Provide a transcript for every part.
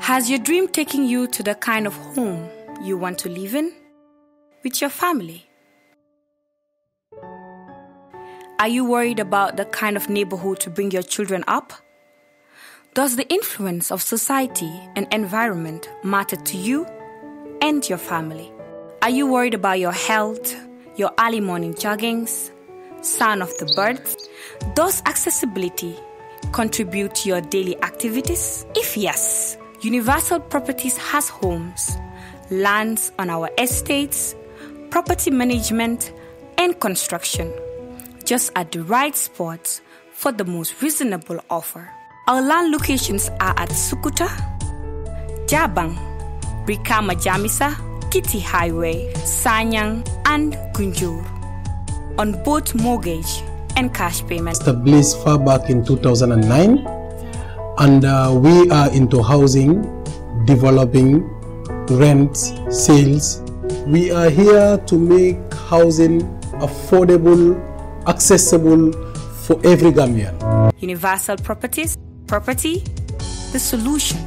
Has your dream taken you to the kind of home you want to live in? With your family? Are you worried about the kind of neighborhood to bring your children up? Does the influence of society and environment matter to you and your family? Are you worried about your health, your early morning joggings, sound of the birds? Does accessibility contribute to your daily activities? If yes, Universal Properties has homes, lands on our estates, property management, and construction, just at the right spot for the most reasonable offer. Our land locations are at Sukuta, Jabang, Rikama Jamisa, Kitty Highway, Sanyang, and Gunjur on both mortgage and cash payments. Established far back in 2009 and uh, we are into housing, developing, rents, sales. We are here to make housing affordable, accessible for every Gambian. Universal properties, property, the solution.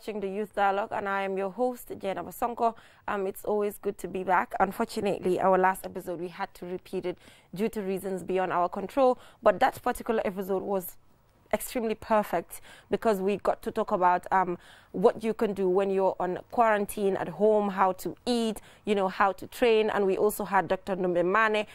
watching the Youth Dialogue, and I am your host, Jenna Basanko. Um, it's always good to be back. Unfortunately, our last episode, we had to repeat it due to reasons beyond our control, but that particular episode was extremely perfect because we got to talk about um, what you can do when you're on quarantine at home, how to eat, you know, how to train, and we also had Dr. Numemane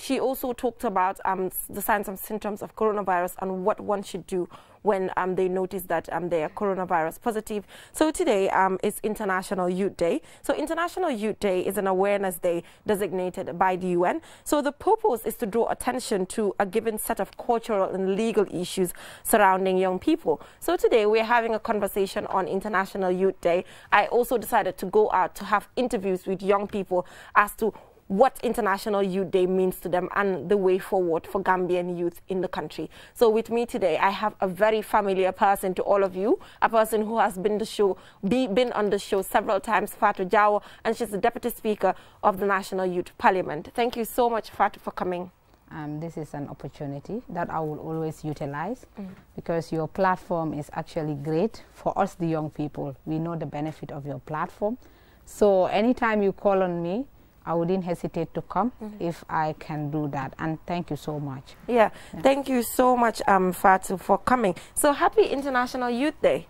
she also talked about um, the signs and symptoms of coronavirus and what one should do when um, they notice that um, they are coronavirus positive. So today um, is International Youth Day. So International Youth Day is an awareness day designated by the UN. So the purpose is to draw attention to a given set of cultural and legal issues surrounding young people. So today we're having a conversation on International Youth Day. I also decided to go out to have interviews with young people as to what International Youth Day means to them and the way forward for Gambian youth in the country. So with me today, I have a very familiar person to all of you, a person who has been the show, be, been on the show several times, Fatu Jao, and she's the Deputy Speaker of the National Youth Parliament. Thank you so much, Fatu, for coming. Um, this is an opportunity that I will always utilize mm. because your platform is actually great for us, the young people. We know the benefit of your platform. So anytime you call on me, I wouldn't hesitate to come mm -hmm. if I can do that. And thank you so much. Yeah, yeah. thank you so much, um, Fatu, for coming. So happy International Youth Day.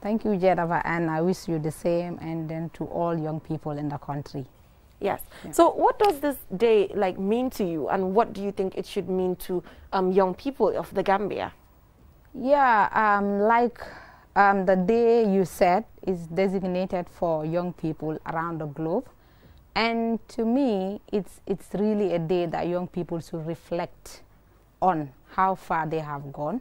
Thank you, Jedava, and I wish you the same, and then to all young people in the country. Yes. Yeah. So, what does this day like mean to you, and what do you think it should mean to um, young people of the Gambia? Yeah, um, like um, the day you said is designated for young people around the globe. And to me, it's, it's really a day that young people should reflect on how far they have gone,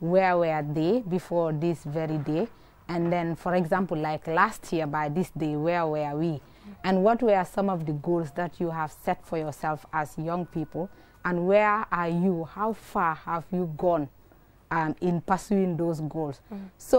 where were they before this very day, and then, for example, like last year by this day, where were we? And what were some of the goals that you have set for yourself as young people? And where are you? How far have you gone um, in pursuing those goals. Mm -hmm. So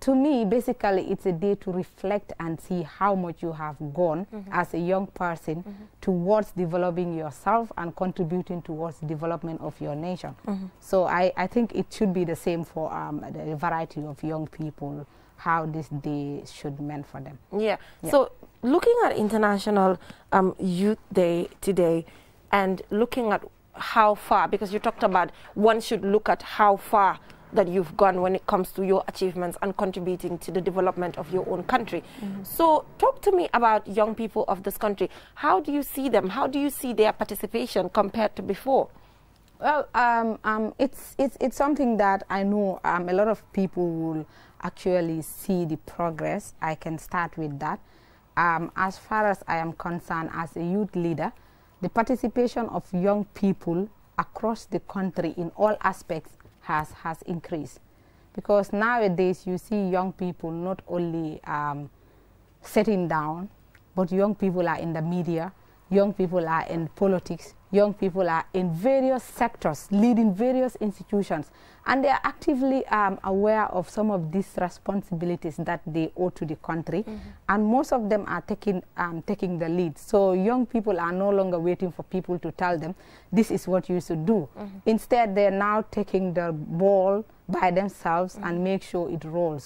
to me, basically, it's a day to reflect and see how much you have gone mm -hmm. as a young person mm -hmm. towards developing yourself and contributing towards the development of your nation. Mm-hmm. So I, I think it should be the same for um, the variety of young people, how this day should meant for them. Yeah. yeah. So looking at International um, Youth Day today and looking at how far, because you talked about one should look at how far that you've gone when it comes to your achievements and contributing to the development of your own country. Mm -hmm. So, talk to me about young people of this country. How do you see them? How do you see their participation compared to before? Well, um, um, it's, it's, it's something that I know um, a lot of people will actually see the progress. I can start with that. Um, as far as I am concerned, as a youth leader, the participation of young people across the country in all aspects has, has increased. Because nowadays you see young people not only um, sitting down, but young people are in the media, young people are in politics, young people are in various sectors, leading various institutions, and they are actively um, aware of some of these responsibilities that they owe to the country, mm -hmm. and most of them are taking, um, taking the lead. So young people are no longer waiting for people to tell them, this is what you should do. Mm -hmm. Instead, they are now taking the ball by themselves mm -hmm. and make sure it rolls.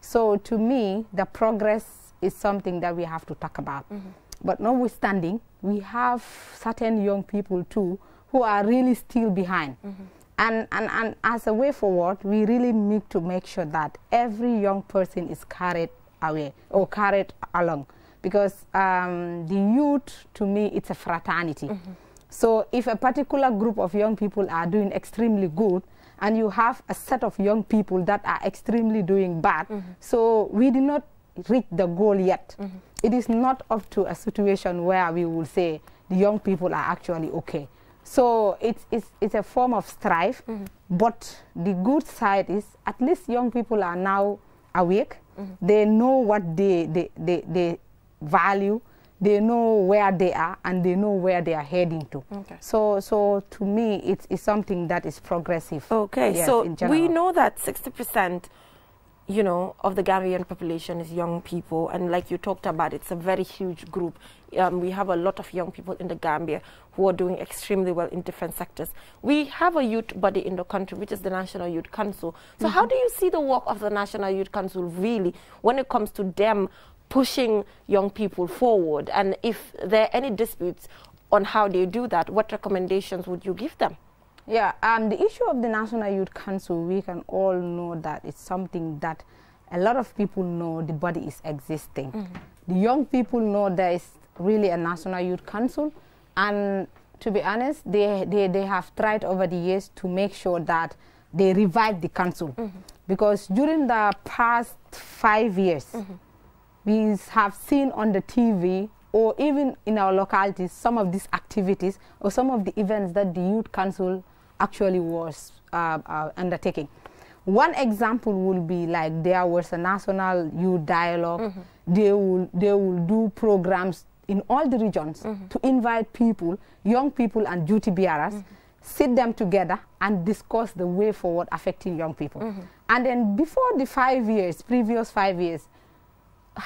So to me, the progress is something that we have to talk about. Mm -hmm. But notwithstanding, we have certain young people too who are really still behind. Mm -hmm. And, and, and as a way forward, we really need to make sure that every young person is carried away or carried along. Because um, the youth, to me, it's a fraternity. Mm -hmm. So if a particular group of young people are doing extremely good, and you have a set of young people that are extremely doing bad, mm -hmm. so we do not reach the goal yet. Mm -hmm. It is not up to a situation where we will say the young people are actually okay. So it's, it's, it's a form of strife, mm -hmm. but the good side is at least young people are now awake. Mm -hmm. They know what they, they, they, they value, they know where they are and they know where they are heading to. Okay. So, so to me, it's, it's something that is progressive. Okay, yes, so we know that 60% you know, of the Gambian population is young people. And like you talked about, it's a very huge group. Um, we have a lot of young people in the Gambia who are doing extremely well in different sectors. We have a youth body in the country, which is the National Youth Council. So, mm -hmm. how mm-hmm. do you see the work of the National Youth Council really when it comes to them pushing young people forward? And if there are any disputes on how they do that, what recommendations would you give them? Yeah, um, the issue of the National Youth Council, we can all know that it's something that a lot of people know the body is existing. Mm -hmm. The young people know there is really a National Youth Council, and to be honest, they, they, they have tried over the years to make sure that they revive the council. Mm -hmm. Because during the past five years, mm -hmm. we have seen on the TV or even in our localities some of these activities or some of the events that the youth council actually was uh, uh, undertaking. One example would be like there was a national youth dialog mm -hmm. They will they will do programs in all the regions mm -hmm. to invite people, young people and duty bearers, mm -hmm. sit them together and discuss the way forward affecting young people. Mm-hmm. And then before the five years, previous five years,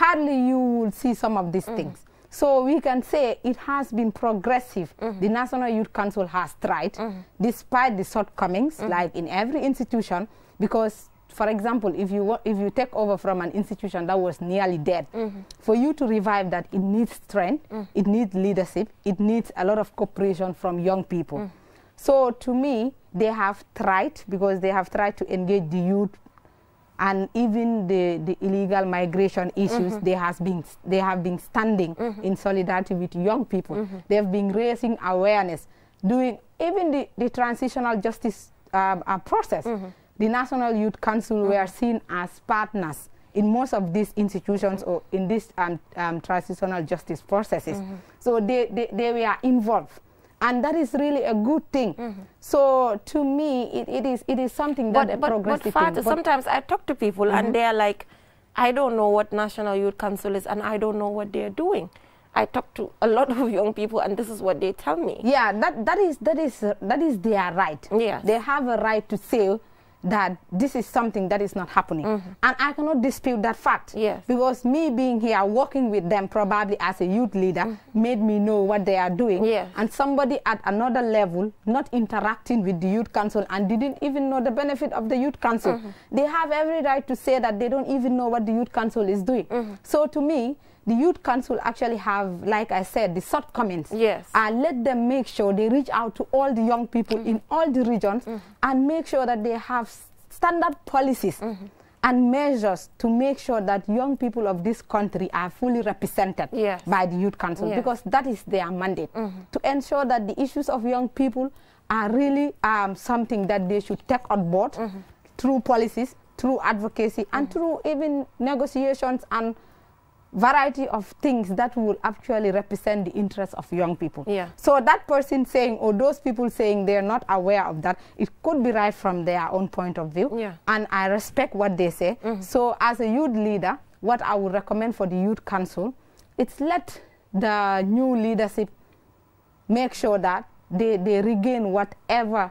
hardly you will see some of these mm-hmm. things. So we can say it has been progressive. Mm -hmm. The mm-hmm. National Youth Council has tried, mm -hmm. despite the shortcomings, mm -hmm. like in every institution, because for example, if you if you take over from an institution that was nearly dead, mm -hmm. for you to revive that, it needs strength, mm -hmm. it needs leadership, it needs a lot of cooperation from young people. Mm -hmm. So to me, they have tried because they have tried to engage the youth and even the, the illegal migration issues mm -hmm. they has been they have been standing mm -hmm. in solidarity with young people. Mm -hmm. They've been raising awareness, doing even the, the transitional justice um, uh, process. Mm-hmm. The National Youth Council mm-hmm. were seen as partners in most of these institutions or in these um, um, transitional justice processes. Mm-hmm. So they, they, they were involved and that is really a good thing. Mm -hmm. So to me, it, it is it is something that but, a progressive but Father, sometimes I talk to people mm -hmm. and mm-hmm. they are like, I don't know what National Youth Council is, and I don't know what they are doing. I talk to a lot of young people, and this is what they tell me. Yeah, that that is that is uh, that is their right. Yeah, they have a right to say that this is something that is not happening. Mm -hmm. And I cannot dispute that fact. Yes. Because me being here, working with them probably as a youth leader, mm -hmm. made me know what they are doing. Yes. And somebody at another level not interacting with the youth council and didn't even know the benefit of the youth council. Mm -hmm. They have every right to say that they don't even know what the youth council is doing. Mm-hmm. So to me, the youth council actually have, like I said, the shortcomings. Yes. And let them make sure they reach out to all the young people mm -hmm. in all the regions mm -hmm. and make sure that they have standard policies mm -hmm. and measures to make sure that young people of this country are fully represented yes. by the youth council yes. because that is their mandate mm-hmm. to ensure that the issues of young people are really um, something that they should take on board mm-hmm. through policies, through advocacy, and mm-hmm. through even negotiations and variety of things that will actually represent the interests of young people. Yeah. So that person saying, or those people saying they're not aware of that, it could be right from their own point of view. Yeah. And I respect what they say. Mm -hmm. So as a youth leader, what I would recommend for the youth council, it's let the new leadership make sure that they, they regain whatever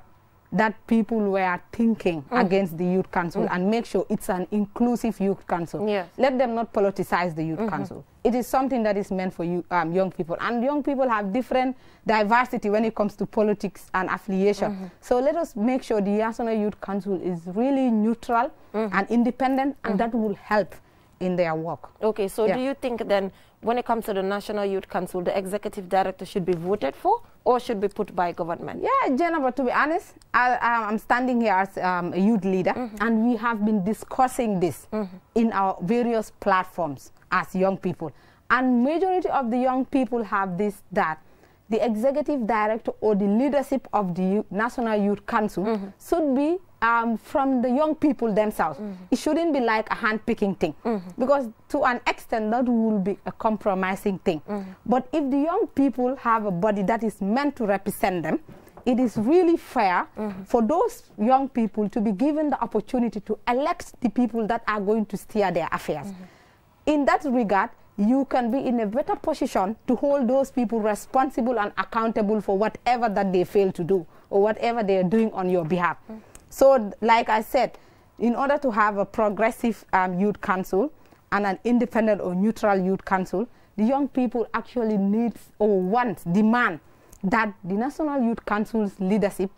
that people were thinking mm. against the youth council mm. and make sure it's an inclusive youth council. Yes. Let them not politicize the youth mm -hmm. council. It is something that is meant for you, um, young people. And young people have different diversity when it comes to politics and affiliation. -hmm. So let us make sure the National Youth Council is really neutral -hmm. and independent, and mm. that will help in their work. Okay, so yeah. do you think then when it comes to the National Youth Council, the executive director should be voted for or should be put by government? Yeah, Jenna, but to be honest, I, am standing here as um, a youth leader, mm -hmm. and we have been discussing this mm -hmm. in our various platforms as young people. And majority of the young people have this, that, the executive director or the leadership of the National Youth Council mm -hmm. should be um, from the young people themselves. Mm -hmm. It shouldn't be like a hand-picking thing mm -hmm. because to an extent that will be a compromising thing. Mm-hmm. But if the young people have a body that is meant to represent them, it is really fair mm-hmm. for those young people to be given the opportunity to elect the people that are going to steer their affairs. Mm-hmm. In that regard, you can be in a better position to hold those people responsible and accountable for whatever that they fail to do or whatever they are doing on your behalf. Mm. So, like I said, in order to have a progressive um, youth council and an independent or neutral youth council, the young people actually need or want, demand that the National Youth Council's leadership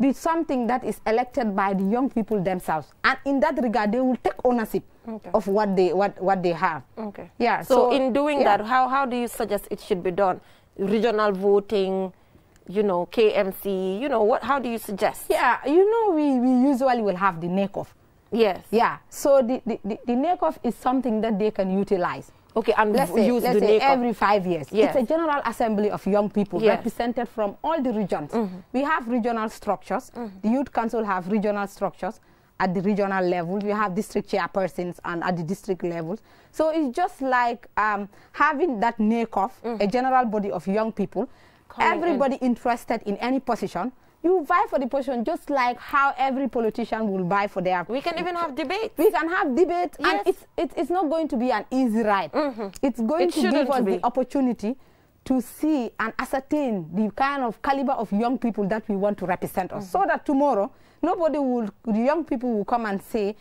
be something that is elected by the young people themselves. And in that regard, they will take ownership okay. of what they what what they have. Okay. Yeah. So, so in doing yeah. that, how how do you suggest it should be done? Regional voting, you know, KMC, you know, what? How do you suggest? Yeah. You know, we we usually will have the neck off. Yes. Yeah. So the the, the, the neck off is something that they can utilize. Okay, and let's say, let's say every five years. Yes. It's a general assembly of young people yes. represented from all the regions. Mm -hmm. We have regional structures. Mm -hmm. The youth council have regional structures at the regional level, you have district chairpersons and at the district level. So it's just like um, having that NACOF, mm. a general body of young people, Coming everybody in. interested in any position, you vie for the position just like how every politician will vie for their we can even have debate we can have debate yes. and it's, it, it's not going to be an easy ride mm -hmm. it's going it to give us be. the opportunity to see and ascertain the kind of caliber of young people that we want to represent mm -hmm. us mm-hmm. so that tomorrow Nobody will, the young people will come and say,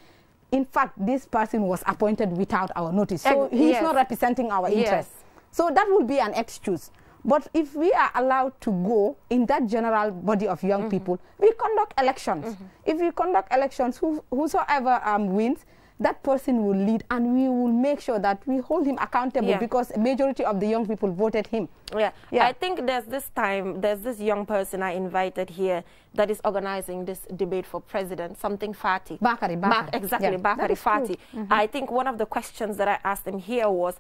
in fact, this person was appointed without our notice. So he's yes. not representing our interests. Yes. So that would be an excuse. But if we are allowed to go in that general body of young mm -hmm. people, we conduct elections. Mm -hmm. If we conduct elections, who, whosoever um, wins, that person will lead and we will make sure that we hold him accountable yeah. because majority of the young people voted him. Yeah. yeah. I think there's this time, there's this young person I invited here that is organizing this debate for president, something Fati. Bakari, Bakari. Ba exactly, yeah. Bakari Fati. Mm -hmm. I think one of the questions that I asked him here was,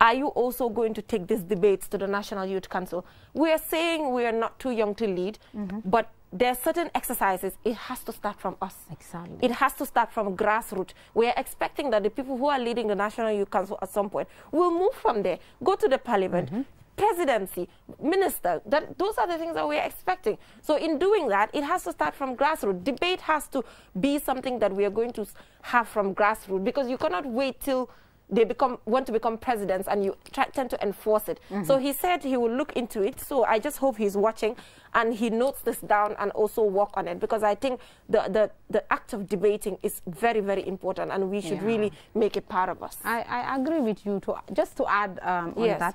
are you also going to take these debates to the National Youth Council? We are saying we are not too young to lead, mm -hmm. but there are certain exercises, it has to start from us. Exactly. It has to start from grassroots. We are expecting that the people who are leading the National Youth Council at some point will move from there, go to the parliament, mm -hmm. presidency, minister. That, those are the things that we are expecting. So in doing that, it has to start from grassroots. Debate has to be something that we are going to have from grassroots because you cannot wait till they become want to become presidents and you tend to enforce it. Mm -hmm. So he said he will look into it. So I just hope he's watching and he notes this down and also work on it because I think the the, the act of debating is very very important and we should yeah. really make it part of us. I, I agree with you. To just to add um, on yes. that.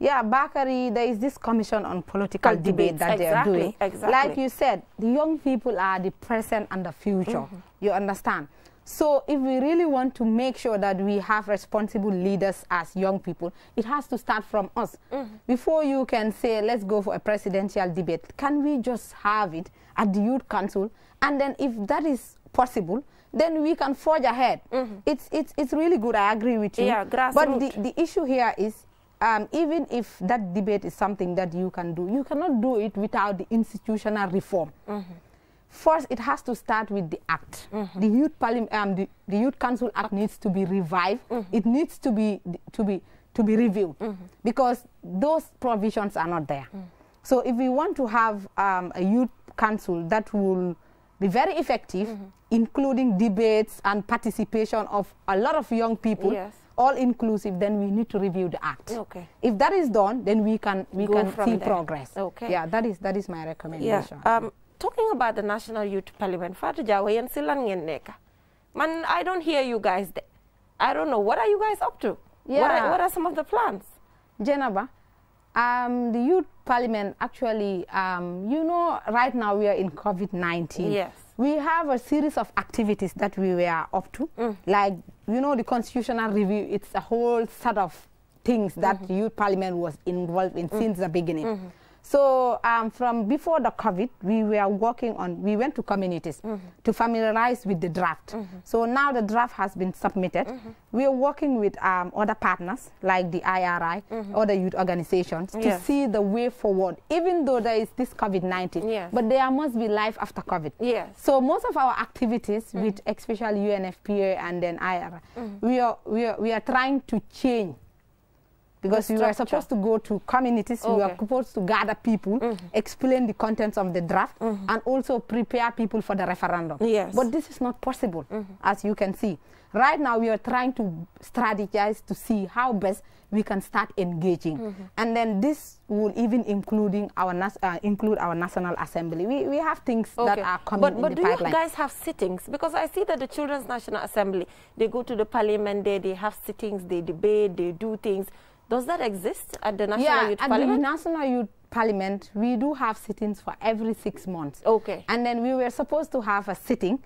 Yeah, Bakari, there is this commission on political Debate, that exactly, they are doing. Exactly. Like you said, the young people are the present and the future. Mm -hmm. You understand? So if we really want to make sure that we have responsible leaders as young people, it has to start from us. Mm -hmm. Before you can say, let's go for a presidential debate, can we just have it at the youth council? And then if that is possible, then we can forge ahead. Mm -hmm. It's, it's, it's really good. I agree with you. Yeah, grassroots. But the, the issue here is um, even if that debate is something that you can do, you cannot do it without the institutional reform. Mm -hmm. First, it has to start with the act. Mm -hmm. The youth parliament, um, the, the, youth council act needs to be revived. Mm -hmm. It needs to be to be to be reviewed mm-hmm. because those provisions are not there. Mm. So, if we want to have um, a youth council that will be very effective, mm-hmm. including debates and participation of a lot of young people. Yes all inclusive, then we need to review the act. Okay. If that is done, then we can we Go can see there. progress. Okay. Yeah, that is that is my recommendation. Yeah. Um, talking about the National Youth Parliament, Fatou Jawa, yan Man, I don't hear you guys there. I don't know. What are you guys up to? Yeah. What are, what are some of the plans? Jenaba, um, the Youth Parliament actually, um, you know, right now we are in COVID-19. Yes. We have a series of activities that we were up to. Mm. Like, you know, the constitutional review, it's a whole set of things that mm -hmm. Youth Parliament was involved in mm -hmm. since the beginning. -hmm. So um, from before the COVID, we were working on, we went to communities mm -hmm. to familiarize with the draft. Mm -hmm. So now the draft has been submitted. Mm -hmm. We are working with um, other partners like the IRI, mm-hmm. other youth organizations yes. to see the way forward, even though there is this COVID-19, yes. but there must be life after COVID. Yes. So most of our activities mm-hmm. with especially UNFPA and then IRI, mm-hmm. we, are, we, are, we are trying to change because we were supposed to go to communities okay. we were supposed to gather people mm -hmm. explain the contents of the draft mm -hmm. and also prepare people for the referendum yes but this is not possible mm -hmm. as you can see right now we are trying to strategize to see how best we can start engaging mm-hmm. and then this will even including our uh, include our national assembly we we have things okay. that are coming but, but do pipeline. you guys have sittings because i see that the children's national assembly they go to the parliament there they have sittings they debate they do things does that exist at the National yeah, Youth at Parliament? the National Youth Parliament, we do have sittings for every six months. Okay. And then we were supposed to have a sitting.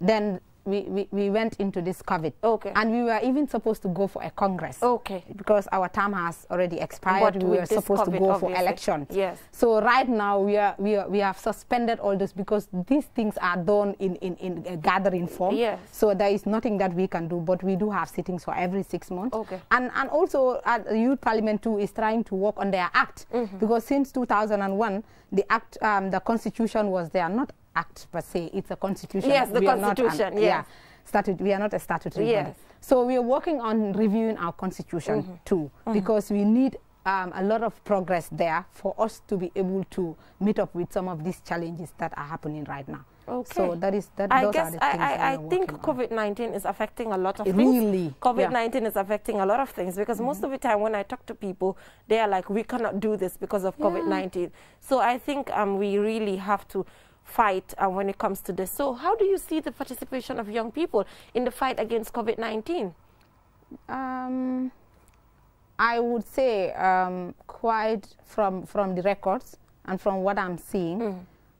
Then we, we, we went into this COVID. Okay. And we were even supposed to go for a Congress. Okay. Because our term has already expired. But we were supposed COVID, to go obviously. for elections. Yes. So right now we are, we are, we have suspended all this because these things are done in, in, in a gathering form. Yes. So there is nothing that we can do, but we do have sittings for every six months. Okay. And, and also uh, Youth Parliament too is trying to work on their act mm -hmm. because since 2001, the act, um, the constitution was there, not act per se. It's a constitution. Yes, the we constitution. Yeah. Statute, we are not a statutory yes. body. So we are working on reviewing our constitution mm -hmm. too, mm -hmm. because we need um, a lot of progress there for us to be able to meet up with some of these challenges that are happening right now. Okay. So that is that. I guess I, I, I think COVID nineteen is affecting a lot of things. Really, COVID nineteen is affecting a lot of things because mm -hmm. most mm-hmm. of the time when I talk to people, they are like, "We cannot do this because of COVID nineteen." So I think um, we really have to fight uh, when it comes to this. So how do you see the participation of young people in the fight against COVID-19? Um, I would say um, quite from, from the records and from what I'm seeing, mm.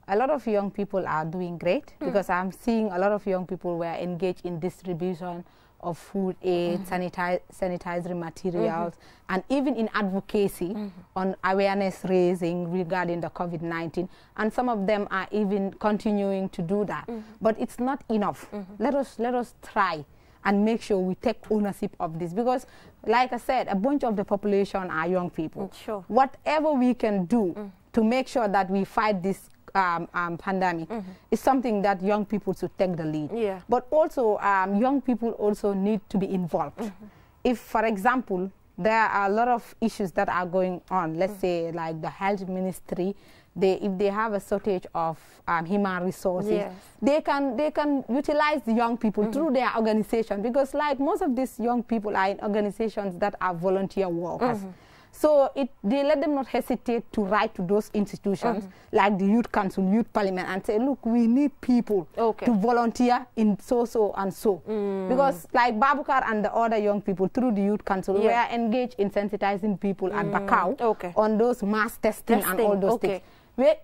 a lot of young people are doing great mm. because I'm seeing a lot of young people were engaged in distribution, of food aid, mm -hmm. sanitize, sanitizing materials, mm -hmm. and even in advocacy mm -hmm. on awareness raising regarding the COVID-19. And some of them are even continuing to do that. Mm-hmm. But it's not enough. Mm-hmm. Let us let us try and make sure we take ownership of this because like I said, a bunch of the population are young people. Sure. Whatever we can do mm. to make sure that we fight this um, um, pandemic mm -hmm. is something that young people should take the lead. Yeah. But also, um, young people also need to be involved. Mm -hmm. If, for example, there are a lot of issues that are going on, let's mm -hmm. say like the health ministry, they, if they have a shortage of um, human resources, yes. they can they can utilize the young people mm -hmm. through their organization because like most of these young people are in organizations that are volunteer workers. Mm -hmm. So it, they let them not hesitate to write to those institutions mm -hmm. like the Youth Council, Youth Parliament, and say, look, we need people okay. to volunteer in so, so, and so. Mm. Because like Babukar and the other young people through the Youth Council yeah. were engaged in sensitizing people mm. at Bakau okay. on those mass testing, testing. and all those okay. things.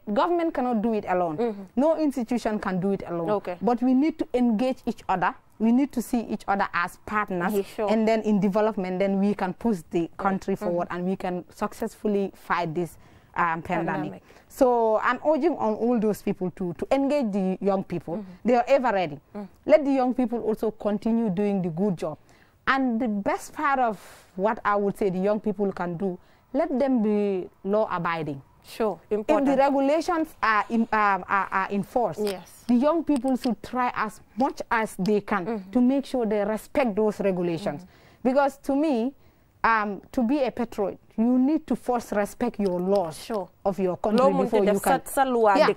government cannot do it alone. -hmm. No institution can do it alone. Okay. But we need to engage each other we need to see each other as partners sure. and then in development then we can push the country mm-hmm. forward mm -hmm. and we can successfully fight this um, pandemic. pandemic. So I'm urging on all those people to, to engage the young people. Mm -hmm. They are ever ready. Mm. Let the young people also continue doing the good job. And the best part of what I would say the young people can do, let them be law abiding. Sure, important. If the regulations are, in, um, are, are, enforced, yes. the young people should try as much as they can mm -hmm. to make sure they respect those regulations. Mm -hmm. Because to me, um, to be a patriot, you need to first respect your laws sure. of your country Law before you can. Yeah.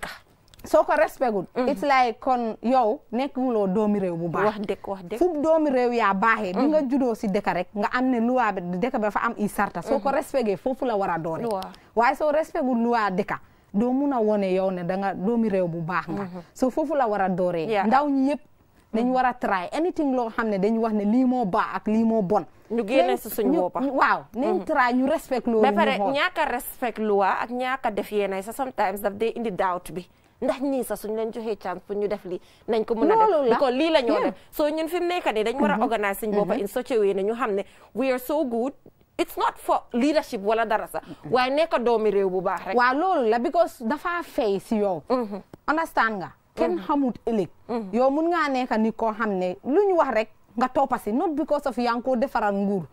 soo ko respect gul mm-hmm. it's like kon yow nekkuloo doomi réew bu baax wax dëgg wax dëgg fu doomi réew yaa baaxee di mm-hmm. nga judoo si dëkk rek nga am ne luwaa bi dëkk bi am i sarta soo ko mm-hmm. respecté foofu la war a doore waaye soo respect gul luwaa dëkk doo mun a wone yow ne da nga doomi réew bu baax nga so foofu la war a dooree ndaw ñi yëpp dañ war a try anything loo xam ne dañ wax ne lii moo baax ak lii moo bon ñu génne si suñu boppa waaw nañ try ñu respect loolu ba pare ñaaka respect luwa ak ñaaka def yeenay sa sometimes daf dee indi doubt bi ndax ñii sax suñ leen joxee chance pour ñu def lii nañ ko mën a def because lii la ñoo def so ñun fi mu nekk nii dañ war a mm-hmm. organise suñ boppa mm-hmm. in such a way ne ñu xam ne we are so good it's mm-hmm. bu baax rek waaw loolu la because dafa fay si yow understand nga kenn xamut ëllëg yow mun ngaa nekk ni koo ne lu ñu wax rek nga toppasi not because of yaa ngi koo defaral nguur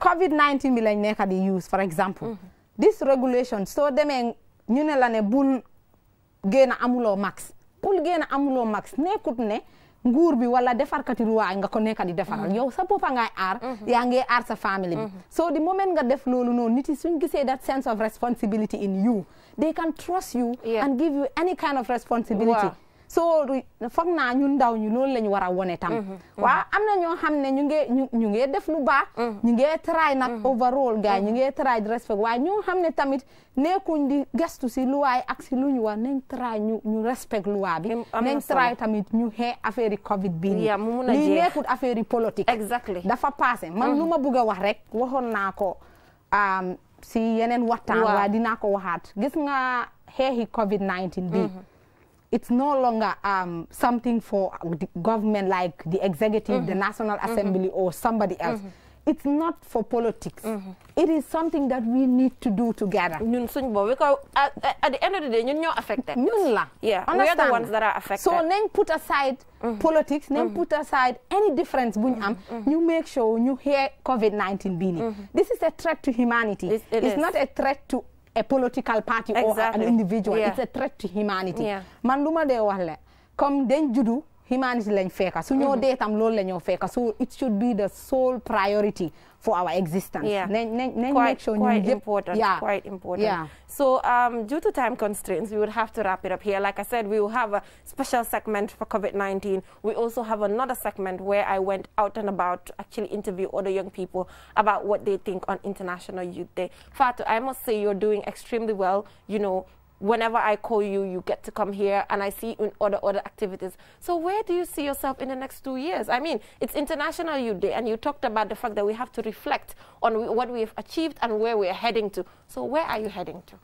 covid 19 bi lañ nekk di use for example this regulation soo demee ñu ne la ne bul génn amuloo max pour génn amuloo max nekkut ne nguur bi wala defarkati ruwaay nga ko nekka di defaral mm-hmm. yow sa boppa ngay aar mm-hmm. yaa ngi aar sa family bi mm-hmm. so di moment nga def loolu noonu nit yi suñ gisee that sense of responsibility in you they can trust you and give you any kind of responsibility soo foog naa ñun ndaw ñu loolu la ñu war a wone tam mm-hmm. mm-hmm. waaw am na ñoo xam ne ñu ngi ñu ngi def lu baax mm-hmm. ñu ngi try nag overall gars ñu ngi try respect waa ñoo xam ne tamit nekkuñ di gestu si luwaay ak si lu ñu war nañ try ñu ñu respect luwaa bi nañ try tamit ñu xee affaire yi covid bi nii lii nekkul affaire yi politique exactly dafa passé man lu ma bëgg a wax rek waxoon naa ko um, si yeneen waxtaan waaye dinaa ko waxaat gis nga xeexi covid 19 it's no longer um, something for the government like the executive, mm the mm-hmm. National mm-hmm. Assembly, or somebody else. Mm-hmm. It's not for politics. It is something that we need to do together. Ñun suñ bo because at, at the end of the day ñun ñoo affected. Ñun la. So nañ put aside politics, nañ put aside any difference buñ am. You make sure you hear COVID-19 This is a threat to humanity. it's not a threat to a political party exactly. or an individual. Yeah. It's a threat to humanity. Yeah. Man luma de wahle. Comme den judu humanity lañ fekka su ñoo mm-hmm. dee tam loolu la ñoo fekka so it should be the sole priority for our existence. Yeah. quite, sure quite important. Yeah. Quite important. Yeah. So um, due to time constraints, we would have to wrap it up here. Like I said, we will have a special segment for COVID-19. We also have another segment where I went out and about to actually interview other young people about what they think on International Youth Day. Fatu, I must say you're doing extremely well. You know, whenever I call you, you get to come here, and I see you in other other activities. So where do you see yourself in the next two years? I mean, it's International Youth Day, and you talked about the fact that we have to reflect on what we have achieved and where we are heading to. So where are you heading to?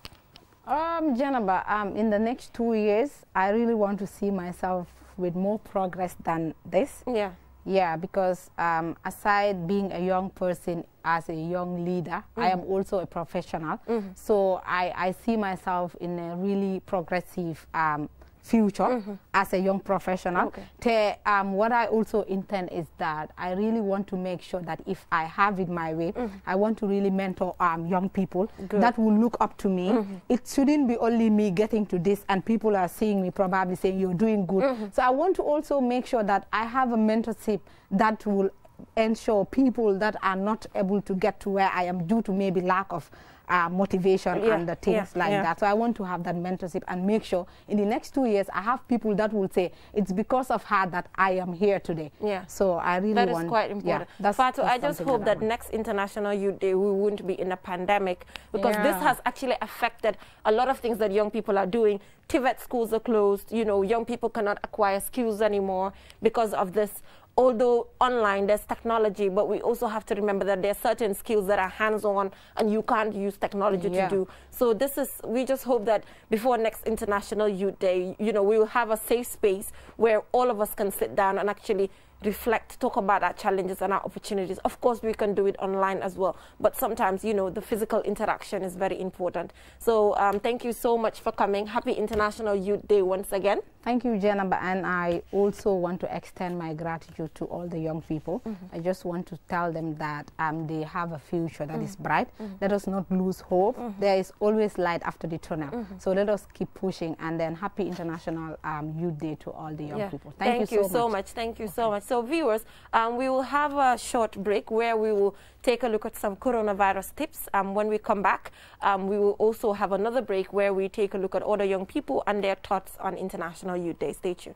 Um, Janaba, um, in the next two years, I really want to see myself with more progress than this. Yeah. Yeah, because um, aside being a young person as a young leader, mm -hmm. I am mm-hmm. also a professional. Mm -hmm. So I, I see myself in a really progressive um, future mm -hmm. as a young professional. Okay. Te, um, what I also intend is that I really want to make sure that if I have it my way, mm -hmm. I want to really mentor um, young people Good. that will look up to me. Mm -hmm. It shouldn't be only me getting to this and people are seeing me probably saying you're doing good. Mm-hmm. So I want to also make sure that I have a mentorship that will ensure people that are not able to get to where I am due to maybe lack of uh, motivation yeah. and the things yeah. like yeah. that. So I want to have that mentorship and make sure in the next two years I have people that will say it's because of her that I am here today. Yeah. So I really that want. That is quite important. Yeah, that's, Fatu, that's I just hope that, that next International Youth Day we won't be in a pandemic because this has actually affected a lot of things that young people are doing. Tivet schools are closed. You know, young people cannot acquire skills anymore because of this although online there's technology, but we also have to remember that there are certain skills that are hands-on and you can't use technology yeah. to do. So this is, we just hope that before next International Youth Day, you know, we will have a safe space where all of us can sit down and actually reflect, talk about our challenges and our opportunities. Of course, we can do it online as well, but sometimes, you know, the physical interaction is very important. So um, thank you so much for coming. Happy International Youth Day once again. Thank you, Jenaba, and I also want to extend my gratitude to all the young people. Mm -hmm. I just want to tell them that um, they have a future that mm -hmm. is mm-hmm. bright. Mm -hmm. Let us not lose hope. Mm-hmm. There is always light after the tunnel. Mm-hmm. So let us keep pushing, and then happy International um, Youth Day to all the young yeah. people. Thank, thank you, so, much. much. Thank you okay. so much. So viewers, um, we will have a short break where we will take a look at some coronavirus tips. Um, when we come back, um, we will also have another break where we take a look at other young people and their thoughts on International Youth Day. Stay tuned.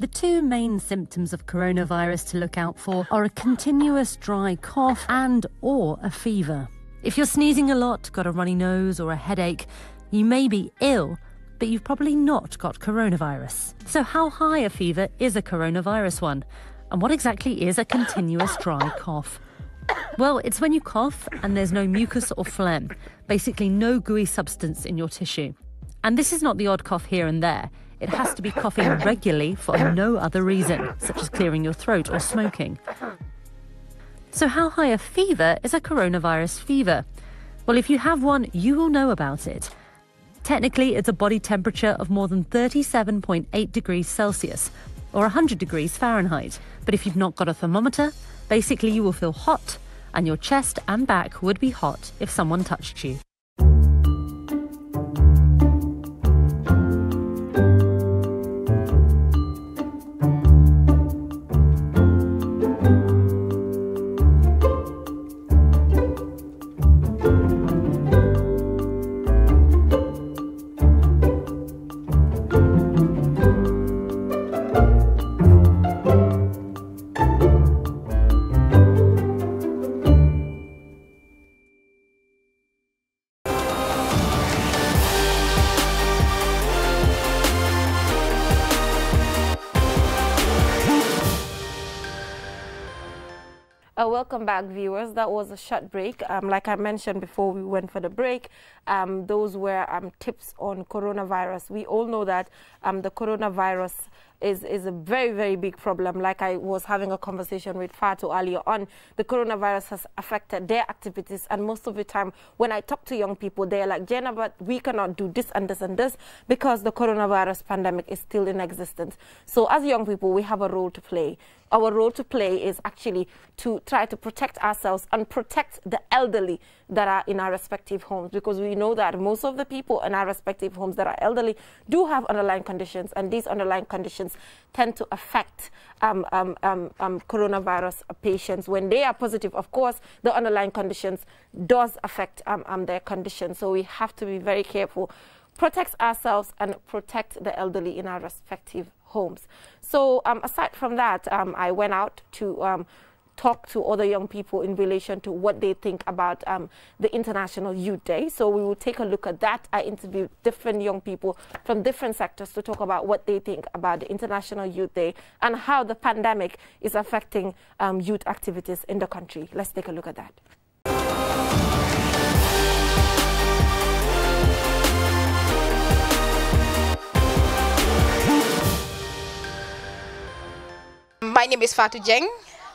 The two main symptoms of coronavirus to look out for are a continuous dry cough and or a fever. If you're sneezing a lot, got a runny nose or a headache, you may be ill, but you've probably not got coronavirus. So how high a fever is a coronavirus one? And what exactly is a continuous dry cough? Well, it's when you cough and there's no mucus or phlegm, basically no gooey substance in your tissue. And this is not the odd cough here and there. It has to be coughing regularly for no other reason, such as clearing your throat or smoking. So, how high a fever is a coronavirus fever? Well, if you have one, you will know about it. Technically, it's a body temperature of more than 37.8 degrees Celsius, or 100 degrees Fahrenheit. But if you've not got a thermometer, basically you will feel hot, and your chest and back would be hot if someone touched you. back, viewers. That was a short break. Um, like I mentioned before, we went for the break. Um, those were um, tips on coronavirus. We all know that um, the coronavirus is, is a very, very big problem. Like I was having a conversation with Fatu earlier on, the coronavirus has affected their activities. And most of the time, when I talk to young people, they're like, Jenna, but we cannot do this and this and this because the coronavirus pandemic is still in existence. So as young people, we have a role to play. Our role to play is actually to try to protect ourselves and protect the elderly that are in our respective homes because we know that most of the people in our respective homes that are elderly do have underlying conditions and these underlying conditions tend to affect um, um, um, um, coronavirus patients. When they are positive, of course, the underlying conditions does affect um, um, their condition. So we have to be very careful, protect ourselves and protect the elderly in our respective homes. So aside from that, I went out to talk to other young people in relation to what they think about um, the International Youth Day. So we will take a look at that. I interviewed different young people from different sectors to talk about what they think about the International Youth Day and how the pandemic is affecting um, youth activities in the country. Let's take a look at that. My name is Fatu Jeng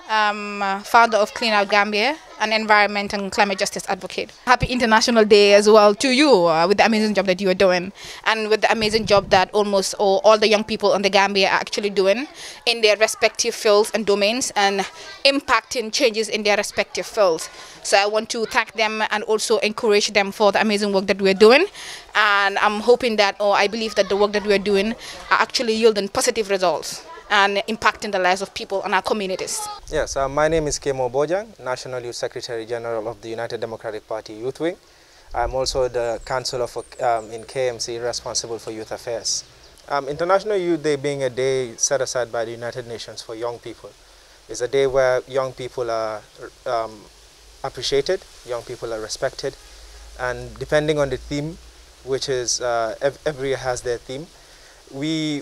um, founder of Clean Out Gambia, an environment and climate justice advocate. Happy International Day as well to you uh, with the amazing job that you are doing and with the amazing job that almost all, all the young people in the Gambia are actually doing in their respective fields and domains and impacting changes in their respective fields. So I want to thank them and also encourage them for the amazing work that we're doing. And I'm hoping that, or I believe that the work that we're doing are actually yielding positive results and impacting the lives of people and our communities. Yes, uh, my name is Kemo Bojang, National Youth Secretary General of the United Democratic Party Youth Wing. I'm also the Councillor for, um, in KMC responsible for youth affairs. Um, International Youth Day being a day set aside by the United Nations for young people is a day where young people are um, appreciated, young people are respected, and depending on the theme, which is uh, every year has their theme, we,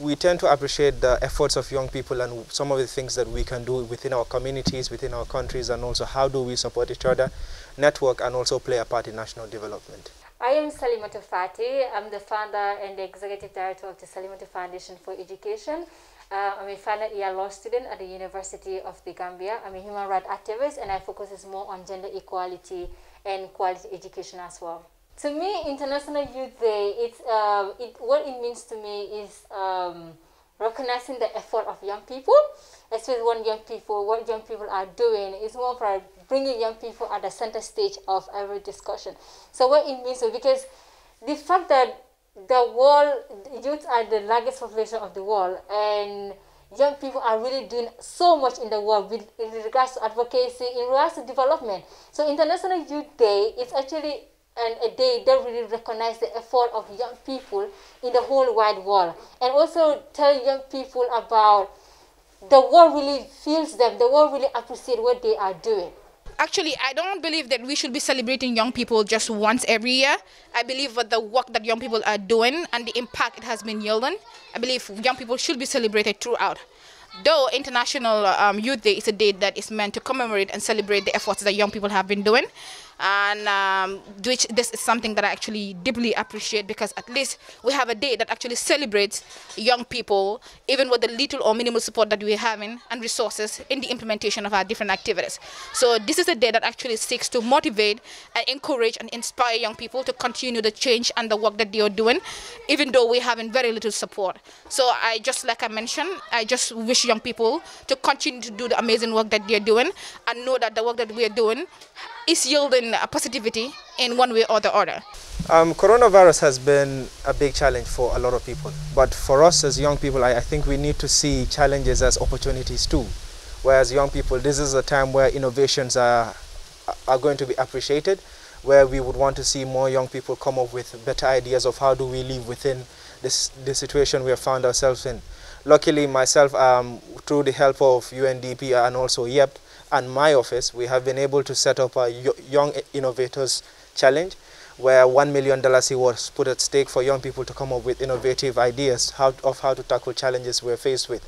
we tend to appreciate the efforts of young people and some of the things that we can do within our communities, within our countries, and also how do we support each other, network, and also play a part in national development. I am Salimata Fati. I'm the founder and the executive director of the Salimata Foundation for Education. Uh, I'm a final year law student at the University of the Gambia. I'm a human rights activist and I focus more on gender equality and quality education as well to me, International Youth Day, it's um, it, what it means to me is um, recognizing the effort of young people, especially when young people, what young people are doing. It's more for bringing young people at the center stage of every discussion. So what it means, because the fact that the world, youth are the largest population of the world, and young people are really doing so much in the world with in regards to advocacy, in regards to development. So International Youth Day is actually and they don't really recognize the effort of young people in the whole wide world. And also tell young people about the world really feels them, the world really appreciates what they are doing actually i don't believe that we should be celebrating young people just once every year i believe that the work that young people are doing and the impact it has been yielding i believe young people should be celebrated throughout though international um, youth day is a day that is meant to commemorate and celebrate the efforts that young people have been doing and um, which this is something that I actually deeply appreciate because at least we have a day that actually celebrates young people, even with the little or minimal support that we're having and resources in the implementation of our different activities. So this is a day that actually seeks to motivate and encourage and inspire young people to continue the change and the work that they are doing, even though we're having very little support. So I just, like I mentioned, I just wish young people to continue to do the amazing work that they're doing and know that the work that we're doing is yielding positivity in one way or the other? Um, coronavirus has been a big challenge for a lot of people. But for us as young people, I, I think we need to see challenges as opportunities too. Whereas young people, this is a time where innovations are, are going to be appreciated, where we would want to see more young people come up with better ideas of how do we live within this, this situation we have found ourselves in. Luckily, myself, um, through the help of UNDP and also YEP, and my office, we have been able to set up a Young Innovators Challenge where $1 million was put at stake for young people to come up with innovative ideas of how to tackle challenges we're faced with.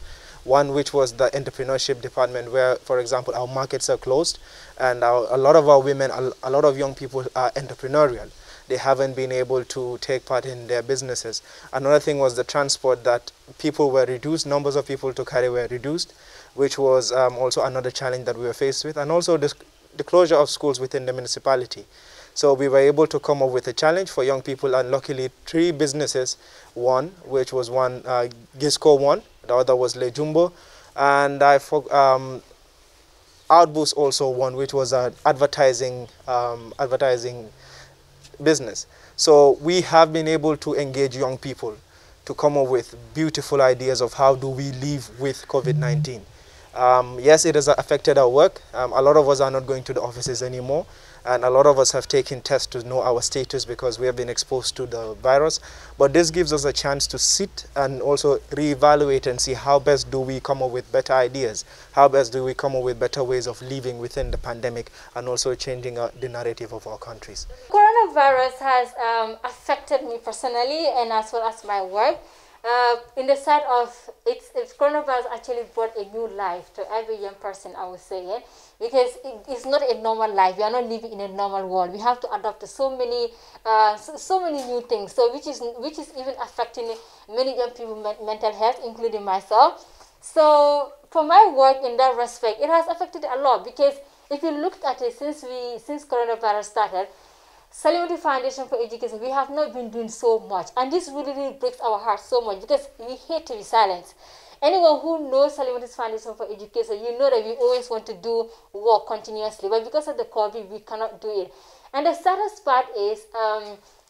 One which was the entrepreneurship department where, for example, our markets are closed and our, a lot of our women, a lot of young people are entrepreneurial. They haven't been able to take part in their businesses. Another thing was the transport that people were reduced, numbers of people to carry were reduced which was um, also another challenge that we were faced with, and also the, the closure of schools within the municipality. So we were able to come up with a challenge for young people, and luckily three businesses won, which was one uh, Gisco won, the other was Lejumbo, and I forgot um, Outboost also won, which was an advertising um, advertising business. So we have been able to engage young people to come up with beautiful ideas of how do we live with COVID-19. Um, yes, it has affected our work. Um, a lot of us are not going to the offices anymore, and a lot of us have taken tests to know our status because we have been exposed to the virus. But this gives us a chance to sit and also reevaluate and see how best do we come up with better ideas, how best do we come up with better ways of living within the pandemic, and also changing our, uh, the narrative of our countries. Coronavirus has um, affected me personally and as well as my work. Uh, in the side of it's, it's coronavirus actually brought a new life to every young person, I would say, yeah? because it, it's not a normal life. We are not living in a normal world. We have to adapt to so many, uh, so, so many new things. So which is which is even affecting many young people' mental health, including myself. So for my work in that respect, it has affected a lot because if you looked at it since we since coronavirus started, setting the foundation for education, we have not been doing so much. And this really, really breaks our heart so much because we hate to be silent. Anyone who knows Salivani's Foundation for Education, you know that we always want to do work continuously, but because of the COVID, we cannot do it. And the saddest part is um,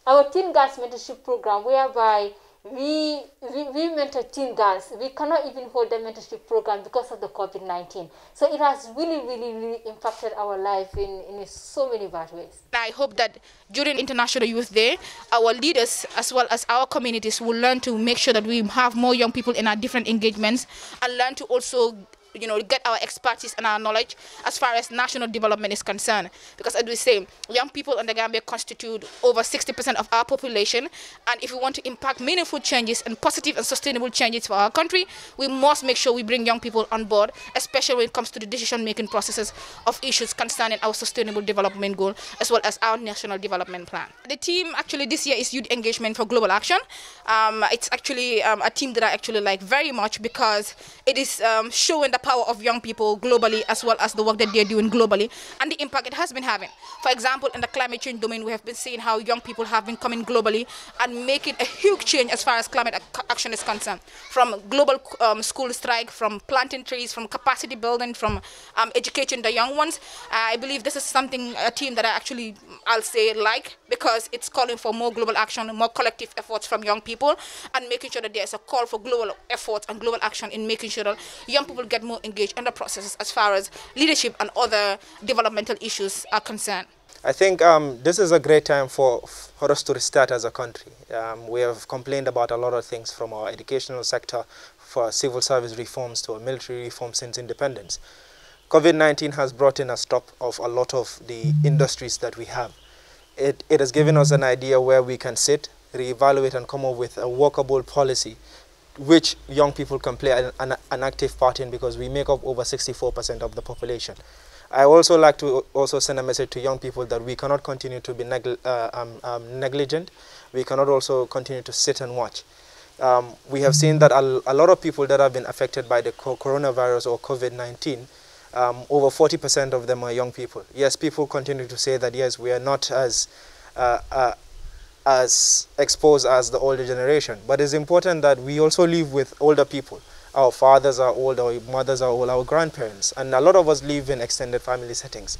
our Teen Girls Mentorship Program, whereby we, we, we mentor teen girls. We cannot even hold the mentorship program because of the COVID-19. So it has really, really, really impacted our life in, in so many bad ways. I hope that during International Youth Day, our leaders as well as our communities will learn to make sure that we have more young people in our different engagements and learn to also you know get our expertise and our knowledge as far as national development is concerned because as we say young people in the Gambia constitute over 60% of our population and if we want to impact meaningful changes and positive and sustainable changes for our country we must make sure we bring young people on board especially when it comes to the decision making processes of issues concerning our sustainable development goal as well as our national development plan the team actually this year is youth engagement for global action um, it's actually um, a team that I actually like very much because it is um, showing the power of young people globally as well as the work that they're doing globally and the impact it has been having. For example, in the climate change domain, we have been seeing how young people have been coming globally and making a huge change as far as climate action is concerned. From global um, school strike, from planting trees, from capacity building, from um, educating the young ones. I believe this is something, a team that I actually, I'll say, like because it's calling for more global action, more collective efforts from young people and making sure that there's a call for global efforts and global action in making sure that young people get more more engaged in the processes as far as leadership and other developmental issues are concerned. I think um, this is a great time for, for us to restart as a country. Um, we have complained about a lot of things from our educational sector, for civil service reforms to our military reforms since independence. COVID-19 has brought in a stop of a lot of the industries that we have. It, it has given us an idea where we can sit, reevaluate and come up with a workable policy which young people can play an, an, an, active part in because we make up over 64% of the population. I also like to also send a message to young people that we cannot continue to be uh, um, um, negligent. We cannot also continue to sit and watch. Um, we have seen that a, a, lot of people that have been affected by the co coronavirus or COVID-19, um, over 40% of them are young people. Yes, people continue to say that, yes, we are not as uh, uh, as exposed as the older generation. But it's important that we also live with older people. Our fathers are old, our mothers are old, our grandparents, and a lot of us live in extended family settings.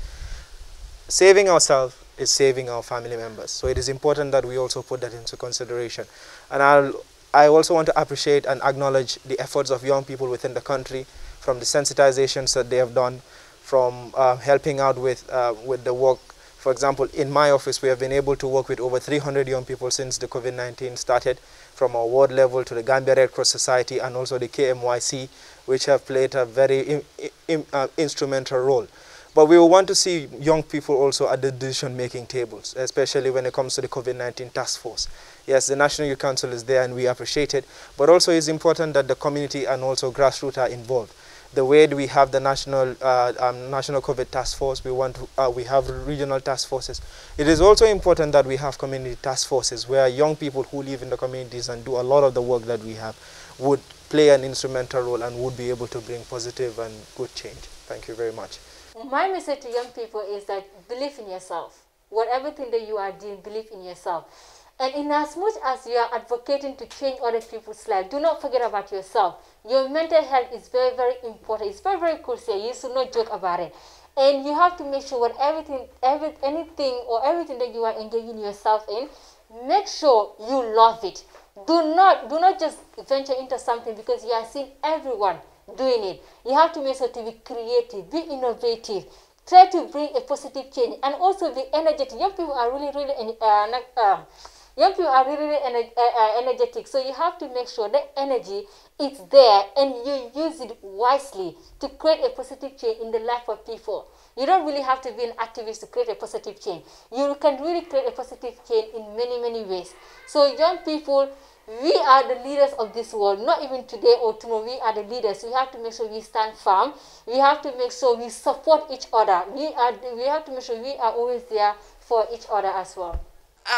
Saving ourselves is saving our family members. So it is important that we also put that into consideration. And I'll, I also want to appreciate and acknowledge the efforts of young people within the country from the sensitizations that they have done, from uh, helping out with, uh, with the work for example, in my office, we have been able to work with over 300 young people since the COVID-19 started, from our ward level to the Gambia Red Cross Society and also the KMYC, which have played a very in, in, uh, instrumental role. But we want to see young people also at the decision-making tables, especially when it comes to the COVID-19 task force. Yes, the National Youth Council is there and we appreciate it, but also it's important that the community and also grassroots are involved the way we have the national uh, um, national COVID task force, we want to, uh, we have regional task forces. It is also important that we have community task forces where young people who live in the communities and do a lot of the work that we have would play an instrumental role and would be able to bring positive and good change. Thank you very much. My message to young people is that believe in yourself. Whatever thing that you are doing, believe in yourself. And in as much as you are advocating to change other people's lives, do not forget about yourself. Your mental health is very, very important. It's very, very crucial. You should not joke about it. And you have to make sure what everything, every, anything or everything that you are engaging yourself in, make sure you love it. Do not, do not just venture into something because you are seeing everyone doing it. You have to make sure to be creative, be innovative, try to bring a positive change, and also be energetic. Young people are really, really uh, uh you are really, really ener uh, uh, energetic. So you have to make sure that energy is there and you use it wisely to create a positive change in the life of people. You don't really have to be an activist to create a positive change. You can really create a positive change in many, many ways. So young people, we are the leaders of this world not even today or tomorrow we are the leaders we have to make sure we stand firm we have to make sure we support each other we are we have to make sure we are always there for each other as well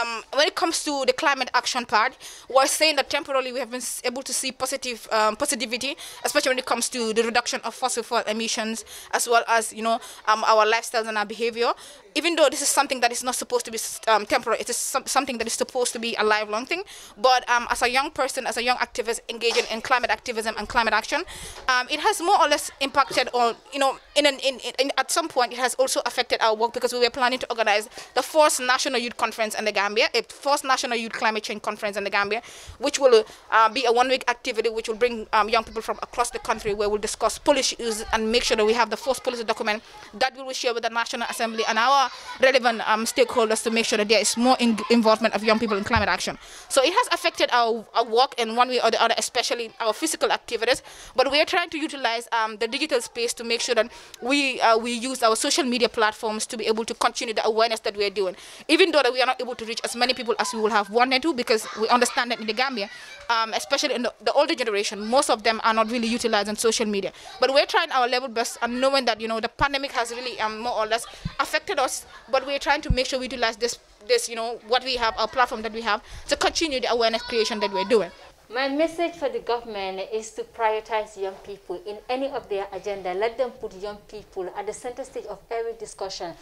um, when it comes to the climate action part, we're saying that temporarily we have been able to see positive um, positivity, especially when it comes to the reduction of fossil fuel emissions, as well as you know um, our lifestyles and our behavior even though this is something that is not supposed to be um, temporary, it is some, something that is supposed to be a lifelong thing. But um, as a young person, as a young activist engaging in climate activism and climate action, um, it has more or less impacted on, you know, in, an, in, in, at some point it has also affected our work because we were planning to organize the first National Youth Conference in the Gambia, a first National Youth Climate Change Conference in the Gambia, which will uh, be a one-week activity which will bring um, young people from across the country where we'll discuss policy issues and make sure that we have the first policy document that we will share with the National Assembly and our relevant um, stakeholders to make sure that there is more in involvement of young people in climate action. So it has affected our, our work in one way or the other, especially our physical activities. But we are trying to utilize um, the digital space to make sure that we uh, we use our social media platforms to be able to continue the awareness that we are doing. Even though that we are not able to reach as many people as we would have wanted to, because we understand that in the Gambia, um, especially in the, the older generation, most of them are not really utilizing social media. But we're trying our level best and knowing that you know the pandemic has really um, more or less affected us but we're trying to make sure we utilize this, this, you know, what we have, our platform that we have, to continue the awareness creation that we're doing. My message for the government is to prioritize young people in any of their agenda. Let them put young people at the center stage of every discussion.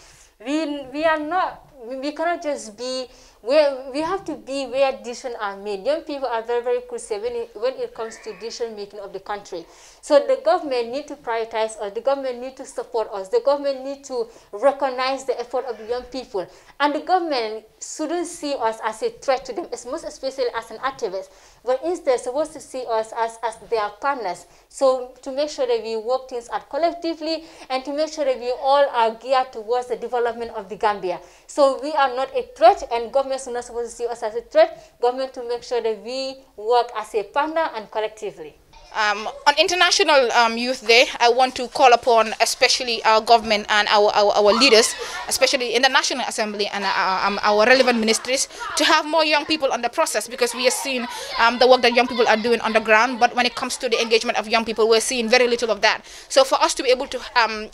We, we are not we cannot just be where we have to be where decisions are made. Young people are very, very crucial when it, when it comes to decision making of the country. So the government need to prioritize us. The government need to support us. The government need to recognize the effort of the young people. And the government shouldn't see us as a threat to them, as most especially as an activist. But instead, supposed to see us as, as their partners. So to make sure that we work things out collectively and to make sure that we all are geared towards the development of the Gambia. So we are not a threat and governments are not supposed to see us as a threat. Government to make sure that we work as a partner and collectively. Um, on International um, Youth Day, I want to call upon especially our government and our, our, our leaders, especially in the National Assembly and our, uh, um, our, relevant ministries, to have more young people on the process because we are seeing um, the work that young people are doing on the ground. But when it comes to the engagement of young people, we're seeing very little of that. So for us to be able to um,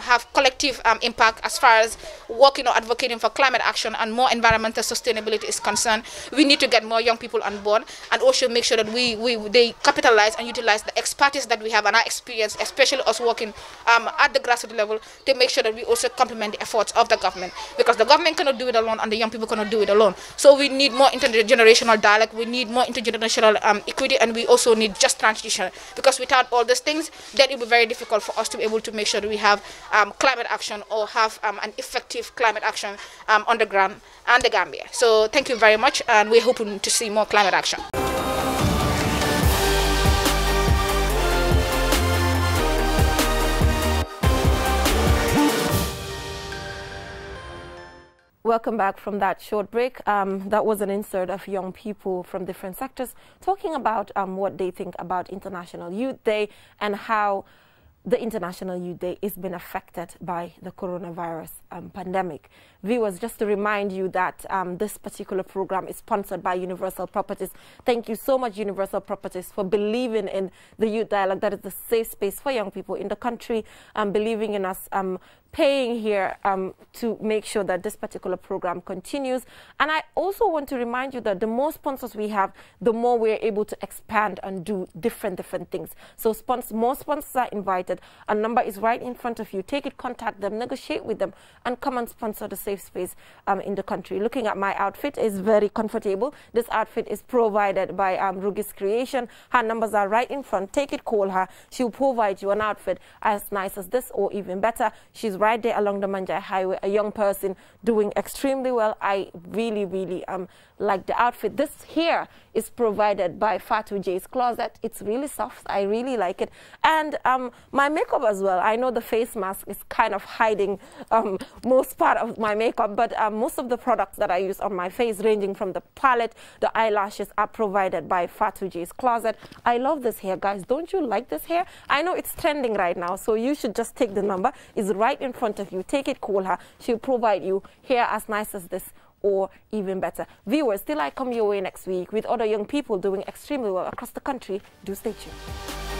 have collective impact as far as working or advocating for climate action and more environmental sustainability is concerned, we need to get more young people on board and also make sure that we, we they capitalize and utilize utilize the expertise that we have and our experience, especially us working um, at the grassroots level, to make sure that we also complement the efforts of the government. Because the government cannot do it alone and the young people cannot do it alone. So we need more intergenerational dialogue, we need more intergenerational um, equity, and we also need just transition. Because without all these things, then it will be very difficult for us to be able to make sure that we have um, climate action or have um, an effective climate action um, on the ground and the Gambia. So thank you very much, and we're hoping to see more climate action. Welcome back from that short break. Um, that was an insert of young people from different sectors talking about um, what they think about International Youth Day and how the International Youth Day is being affected by the coronavirus um, pandemic viewers, just to remind you that um, this particular program is sponsored by Universal Properties. Thank you so much, Universal Properties, for believing in the youth dialogue that is the safe space for young people in the country, um, believing in us, um, paying here um, to make sure that this particular program continues. And I also want to remind you that the more sponsors we have, the more we're able to expand and do different, different things. So sponsor, more sponsors are invited. A number is right in front of you. Take it, contact them, negotiate with them, and come and sponsor the safe safe space um, in the country. Looking at my outfit is very comfortable. This outfit is provided by um, Rugis Creation. Her numbers are right in front. Take it, call her. She'll provide you an outfit as nice as this or even better. She's right there along the Manjai Highway, a young person doing extremely well. I really, really um, like the outfit. This here is provided by Fatu J's Closet. It's really soft. I really like it. And um, my makeup as well. I know the face mask is kind of hiding um, most part of my makeup, but um, most of the products that I use on my face, ranging from the palette, the eyelashes, are provided by Fatu J's Closet. I love this hair, guys. Don't you like this hair? I know it's trending right now, so you should just take the number. It's right in front of you. Take it, call her. She'll provide you hair as nice as this or even better. Viewers, still I come your way next week with other young people doing extremely well across the country. Do stay tuned.